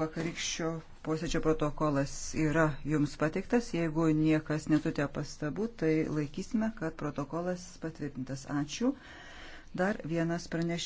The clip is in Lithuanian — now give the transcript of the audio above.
Vakarykščio posėdžio protokolas yra jums pateiktas. Jeigu niekas netutė pastabų, tai laikysime, kad protokolas patvirtintas. Ačiū. Dar vienas pranešimas.